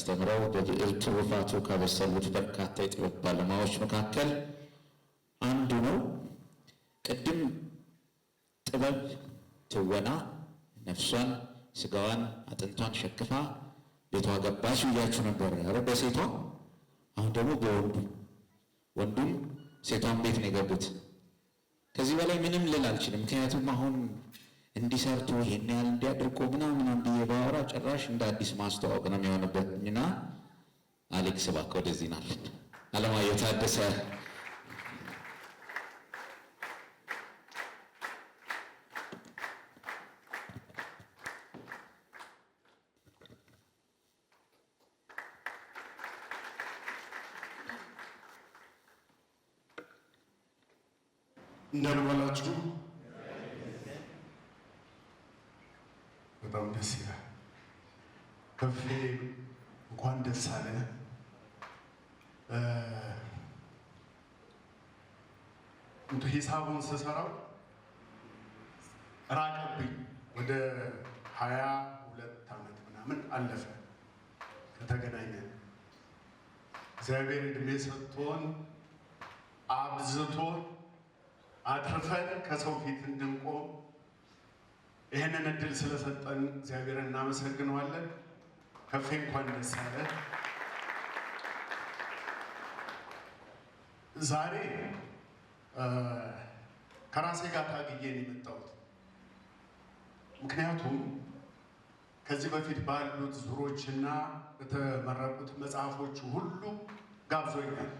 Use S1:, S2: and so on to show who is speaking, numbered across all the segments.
S1: አስተምረው በብዕር ትሩፋቱ ካበሰሉት በርካታ የጥበብ ባለሙያዎች መካከል አንዱ ነው። ቅድም ጥበብ ትወና ነፍሷን ስጋዋን አጥንቷን ሸክፋ ቤቷ ገባች ብያችሁ ነበር። ያረ በሴቷ አሁን ደግሞ በወንዱ ወንዱም ሴቷን ቤት ነው የገቡት። ከዚህ በላይ ምንም ልል አልችልም። ምክንያቱም አሁን እንዲሰርቶ ይህን ያህል እንዲያድርቆ ምናምን ብዬ ባወራ ጭራሽ እንደ አዲስ ማስተዋወቅ ነው የሚሆንበት። አሌክስ እባክህ ወደዚህ ናለን። አለማየሁ ታደሰ
S2: እንደምን ዋላችሁ። በጣም ደስ ይላል። ከፌ እንኳን ደስ አለ። ሂሳቡን ስሰራው ራቀብኝ። ወደ ሀያ ሁለት ዓመት ምናምን አለፈ ከተገናኘን። እግዚአብሔር እድሜ ሰጥቶን አብዝቶን አትርፈን ከሰው ፊት እንድንቆም ይህንን እድል ስለሰጠን እግዚአብሔር እናመሰግነዋለን። ከፌ እንኳን ደስ አለን። ዛሬ ከራሴ ጋር ታግዬ ነው የመጣሁት። ምክንያቱም ከዚህ በፊት ባሉት ዙሮችና በተመረቁት መጽሐፎች ሁሉ ጋብዞኛል።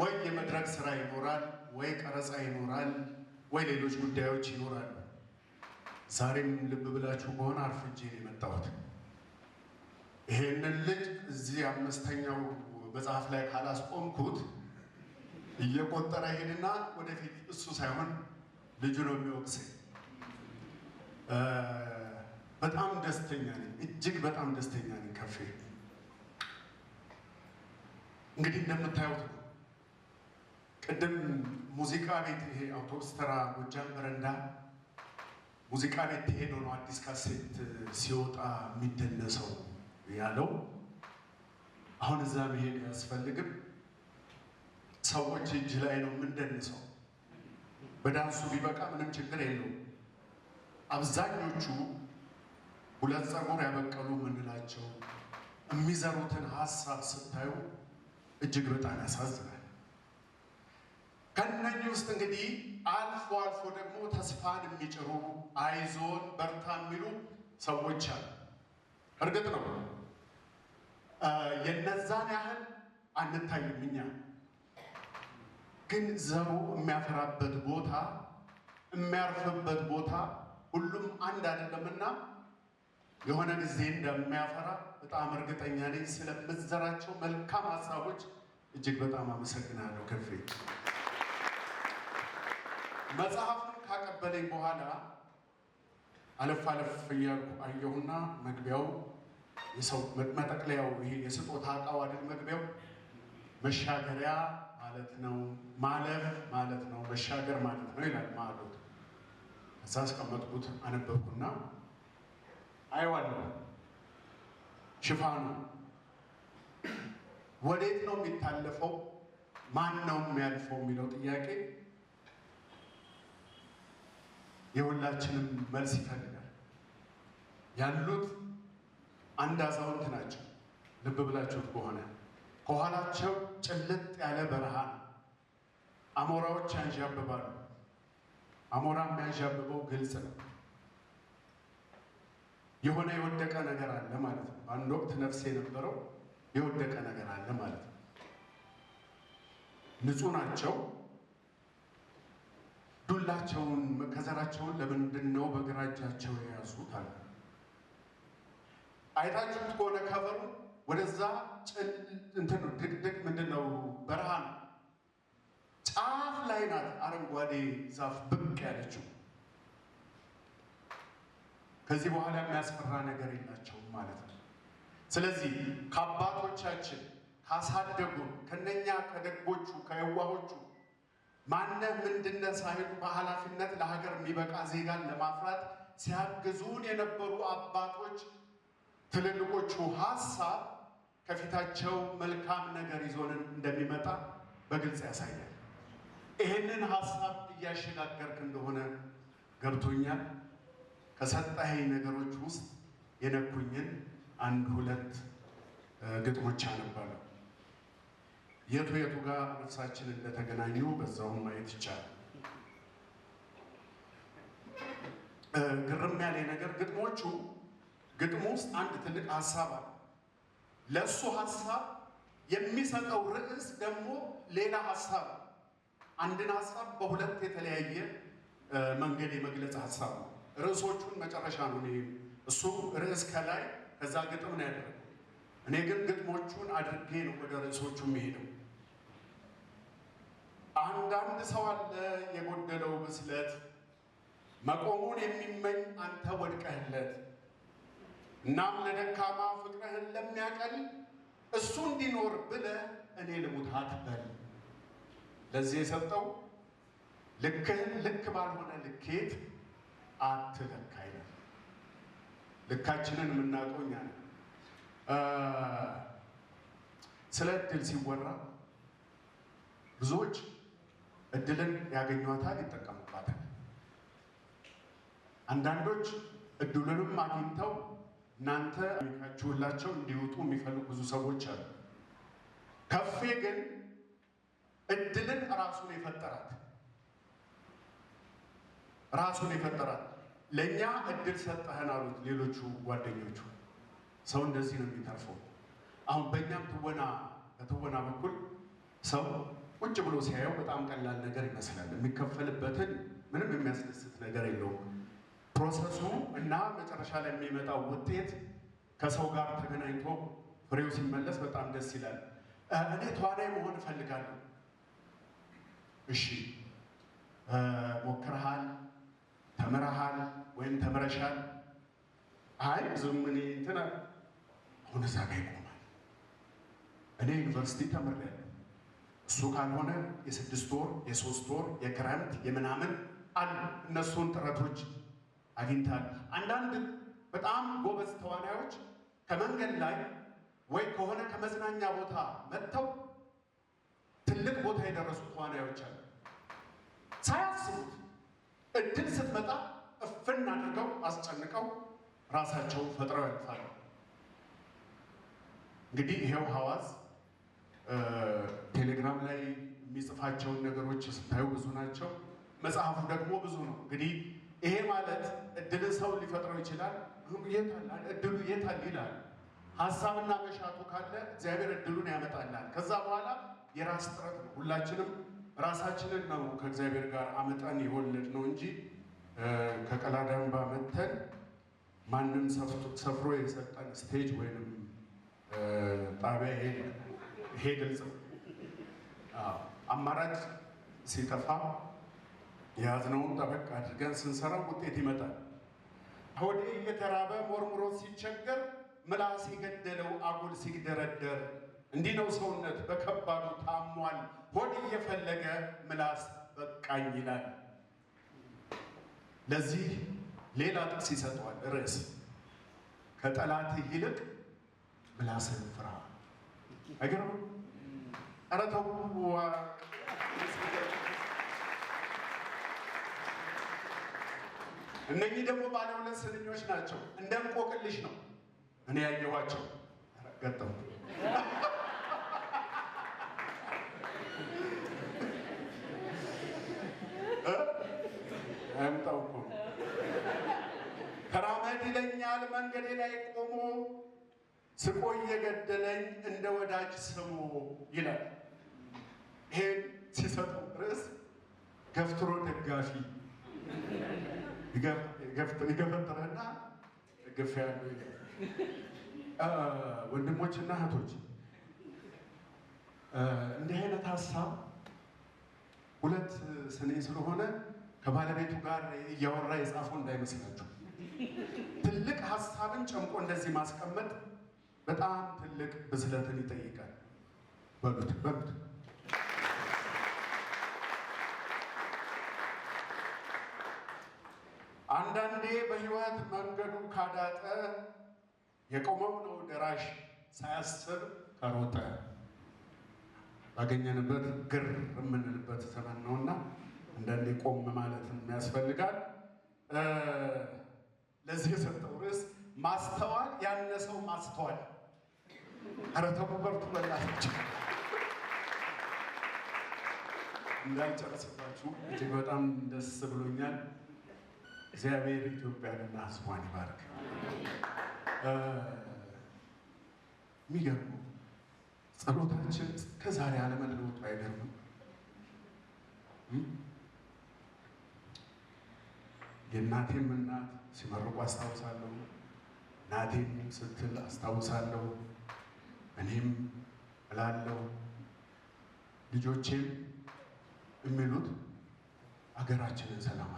S2: ወይ የመድረክ ስራ ይኖራል፣ ወይ ቀረጻ ይኖራል፣ ወይ ሌሎች ጉዳዮች ይኖራሉ። ዛሬም ልብ ብላችሁ ከሆነ አርፍጄ ነው የመጣሁት። ይሄንን ልጅ እዚህ አምስተኛው መጽሐፍ ላይ ካላስቆምኩት እየቆጠረ ሄድና ወደፊት እሱ ሳይሆን ልጁ ነው የሚወቅሰኝ። በጣም ደስተኛ ነኝ፣ እጅግ በጣም ደስተኛ ነኝ። ከፌ እንግዲህ እንደምታዩት ነው። ቅድም ሙዚቃ ቤት ይሄ አውቶቡስ ተራ ጎጃም በረንዳ ሙዚቃ ቤት ተሄዶ ነው አዲስ ካሴት ሲወጣ የሚደነሰው ያለው። አሁን እዛ መሄድ አያስፈልግም። ሰዎች እጅ ላይ ነው የምንደንሰው። በዳንሱ ቢበቃ ምንም ችግር የለውም። አብዛኞቹ ሁለት ጸጉር ያበቀሉ የምንላቸው የሚዘሩትን ሀሳብ ስታዩ እጅግ በጣም ያሳዝናል። ከነኚህ ውስጥ እንግዲህ አልፎ አልፎ ደግሞ ተስፋን የሚጭሩ አይዞን በርታ የሚሉ ሰዎች አሉ። እርግጥ ነው የነዛን ያህል አንታይም እኛ ግን ዘሩ የሚያፈራበት ቦታ የሚያርፍበት ቦታ ሁሉም አንድ አይደለምና የሆነ ጊዜ እንደሚያፈራ በጣም እርግጠኛ ነኝ። ስለምትዘራቸው መልካም ሀሳቦች እጅግ በጣም አመሰግናለሁ። ከፌ መጽሐፍን ካቀበለኝ በኋላ አለፍ አለፍ እያልኩ አየሁና መግቢያው የሰው መጠቅለያው ይሄ የስጦታ እቃው አይደል መግቢያው መሻገሪያ ማለት ነው። ማለፍ ማለት ነው፣ መሻገር ማለት ነው ይላል ማዕዶት። እዛ አስቀመጥኩት አነበብኩና አይዋለሁ ሽፋኑ ወዴት ነው የሚታለፈው? ማን ነው የሚያልፈው የሚለው ጥያቄ የሁላችንም መልስ ይፈልጋል። ያሉት አንድ አዛውንት ናቸው። ልብ ብላችሁት ከሆነ ከኋላቸው ጭልጥ ያለ በረሃ ነው። አሞራዎች ያንዣብባሉ። አሞራ የሚያንዣብበው ግልጽ ነው። የሆነ የወደቀ ነገር አለ ማለት ነው። አንድ ወቅት ነፍስ የነበረው የወደቀ ነገር አለ ማለት ነው። ንጹህ ናቸው። ዱላቸውን ከዘራቸውን ለምንድን ነው በግራ እጃቸው የያዙት? አለ አይታችሁት ከሆነ ከበሩ ወደዛ ድቅድቅ ምንድን ነው በረሃን ጫፍ ላይ ናት አረንጓዴ ዛፍ ብቅ ያለችው። ከዚህ በኋላ የሚያስፈራ ነገር የላቸውም ማለት ነው። ስለዚህ ከአባቶቻችን ካሳደጉን ከነኛ ከደጎቹ ከየዋሆቹ ማነህ ምንድነ ሳይሉ በኃላፊነት ለሀገር የሚበቃ ዜጋን ለማፍራት ሲያግዙን የነበሩ አባቶች ትልልቆቹ ሀሳብ ከፊታቸው መልካም ነገር ይዞንን እንደሚመጣ በግልጽ ያሳያል። ይህንን ሀሳብ እያሸጋገርክ እንደሆነ ገብቶኛል። ከሰጠኸኝ ነገሮች ውስጥ የነኩኝን አንድ ሁለት ግጥሞች አነባለሁ። የቱ የቱ ጋር ነፍሳችን እንደተገናኙ በዛውም ማየት ይቻላል። ግርም ያለ ነገር ግጥሞቹ ግጥሙ ውስጥ አንድ ትልቅ ሀሳብ አለ ለእሱ ሀሳብ የሚሰጠው ርዕስ ደግሞ ሌላ ሀሳብ አንድን ሀሳብ በሁለት የተለያየ መንገድ የመግለጽ ሀሳብ ነው። ርዕሶቹን መጨረሻ ነው። እኔ እሱ ርዕስ ከላይ ከዛ ግጥም ነው ያደረገው። እኔ ግን ግጥሞቹን አድርጌ ነው ወደ ርዕሶቹ የሚሄደው። አንዳንድ ሰው አለ የጎደለው ብስለት መቆሙን የሚመኝ አንተ ወድቀህለት እናም ለደካማ ፍቅርህን ለሚያቀል እሱ እንዲኖር ብለ እኔ ልሙት አትበል። ለዚህ የሰጠው ልክህን ልክ ባልሆነ ልኬት አትለካ ይላል። ልካችንን የምናውቀው እኛ ነን። ስለ እድል ሲወራ ብዙዎች እድልን ያገኟታል፣ ይጠቀሙባታል። አንዳንዶች እድሉንም አግኝተው እናንተ አሜሪካችሁላቸው እንዲወጡ የሚፈልጉ ብዙ ሰዎች አሉ። ከፌ ግን እድልን ራሱን የፈጠራት ራሱን የፈጠራት ለእኛ እድል ሰጠህን አሉት ሌሎቹ ጓደኞቹ። ሰው እንደዚህ ነው የሚተርፈው። አሁን በእኛም ትወና በትወና በኩል ሰው ቁጭ ብሎ ሲያየው በጣም ቀላል ነገር ይመስላል። የሚከፈልበትን ምንም የሚያስደስት ነገር የለውም። ፕሮሰሱ እና መጨረሻ ላይ የሚመጣው ውጤት ከሰው ጋር ተገናኝቶ ፍሬው ሲመለስ በጣም ደስ ይላል። እኔ ተዋናይ መሆን እፈልጋለሁ። እሺ ሞክርሃል፣ ተምረሃል ወይም ተምረሻል? አይ ብዙም እኔ እንትና አሁን እዛ ጋ ይቆማል። እኔ ዩኒቨርሲቲ ተምሬያለሁ። እሱ ካልሆነ የስድስት ወር የሶስት ወር የክረምት የምናምን አሉ እነሱን ጥረቶች አግኝታል። አንዳንድ በጣም ጎበዝ ተዋናዮች ከመንገድ ላይ ወይ ከሆነ ከመዝናኛ ቦታ መጥተው ትልቅ ቦታ የደረሱ ተዋናዮች አሉ። ሳያስቡት እድል ስትመጣ እፍን አድርገው አስጨንቀው ራሳቸው ፈጥረው ያልፋሉ። እንግዲህ ይሄው ሐዋዝ ቴሌግራም ላይ የሚጽፋቸውን ነገሮች ስታዩ ብዙ ናቸው። መጽሐፉ ደግሞ ብዙ ነው። እንግዲህ ይሄ ማለት እድል ሰው ሊፈጥረው ይችላል። እድሉ የታል ይላል። ሀሳብና መሻቱ ካለ እግዚአብሔር እድሉን ያመጣላል። ከዛ በኋላ የራስ ጥረት ነው። ሁላችንም ራሳችንን ነው ከእግዚአብሔር ጋር አመጠን የወለድ ነው እንጂ ከቀላዳምባ መተን ማንም ሰፍሮ የሰጠን ስቴጅ ወይንም ጣቢያ ሄድ አማራጭ ሲጠፋ የያዝነውን ጠበቅ አድርገን ስንሰራው ውጤት ይመጣል። ሆዴ እየተራበ ሞርሙሮ ሲቸገር ምላስ የገደለው አጉል ሲደረደር እንዲህ ነው ሰውነት በከባዱ ታሟል። ሆዴ እየፈለገ ምላስ በቃኝ ይላል። ለዚህ ሌላ ጥቅስ ይሰጠዋል ርዕስ ከጠላትህ ይልቅ ምላስን ፍራ። አይገርም? ኧረ ተው እነኚህ ደግሞ ባለ ሁለት ስንኞች ናቸው። እንደ እንቆቅልሽ ነው። እኔ ያየኋቸው ገጠሙ። አምጣው እኮ ከራመድ ይለኛል መንገዴ ላይ ቆሞ ስቆ እየገደለኝ እንደ ወዳጅ ስሙ ይላል። ይሄን ሲሰጡ ርዕስ ገፍትሮ ደጋፊ ይገፈጥርህና ግፍ ያሉ ወንድሞችና እህቶች እንዲህ አይነት ሀሳብ ሁለት ስኔ ስለሆነ ከባለቤቱ ጋር እያወራ የጻፈው እንዳይመስላችሁ። ትልቅ ሀሳብን ጨምቆ እንደዚህ ማስቀመጥ በጣም ትልቅ ብስለትን ይጠይቃል። በሉት በሉት አንዳንዴ በህይወት መንገዱ ካዳጠ የቆመው ነው ደራሽ ሳያስብ ከሮጠ ባገኘንበት ግር የምንልበት ዘመን ነው ነውና አንዳንዴ ቆም ማለትም ያስፈልጋል። ለዚህ የሰጠው ርዕስ ማስተዋል ያነሰው ማስተዋል። ኧረ ተው በርቱ በላቸው እንዳልጨረስባችሁ እጅግ በጣም ደስ ብሎኛል። እግዚአብሔር ኢትዮጵያንና ሕዝቧን ይባርክ። የሚገርመው ጸሎታችን ከዛሬ አለመለወጡ አይገርምም። የእናቴም እናት ሲመርቁ አስታውሳለሁ። እናቴም ስትል አስታውሳለሁ። እኔም እላለሁ። ልጆቼም የሚሉት አገራችንን ሰላም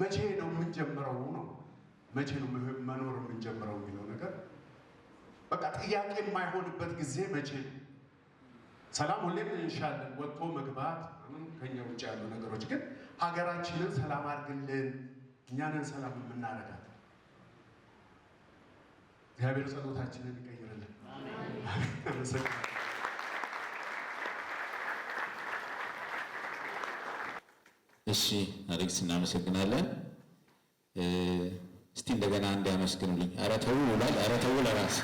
S2: መቼ ነው የምንጀምረው ነው መቼ ነው መኖር የምንጀምረው የሚለው ነገር በቃ ጥያቄ የማይሆንበት ጊዜ መቼ ነው? ሰላም ሁሌም እንሻለን፣ ወጥቶ መግባት ከኛ ውጭ ያሉ ነገሮች ግን ሀገራችንን ሰላም አድርግልን፣ እኛንን ሰላም የምናረጋት እግዚአብሔር ጸሎታችንን ይቀይርልን።
S1: እሺ አሌክስ እናመሰግናለን። እስቲ እንደገና አንድ ያመስግኑልኝ። ኧረ ተው ይውላል። ኧረ ለራስ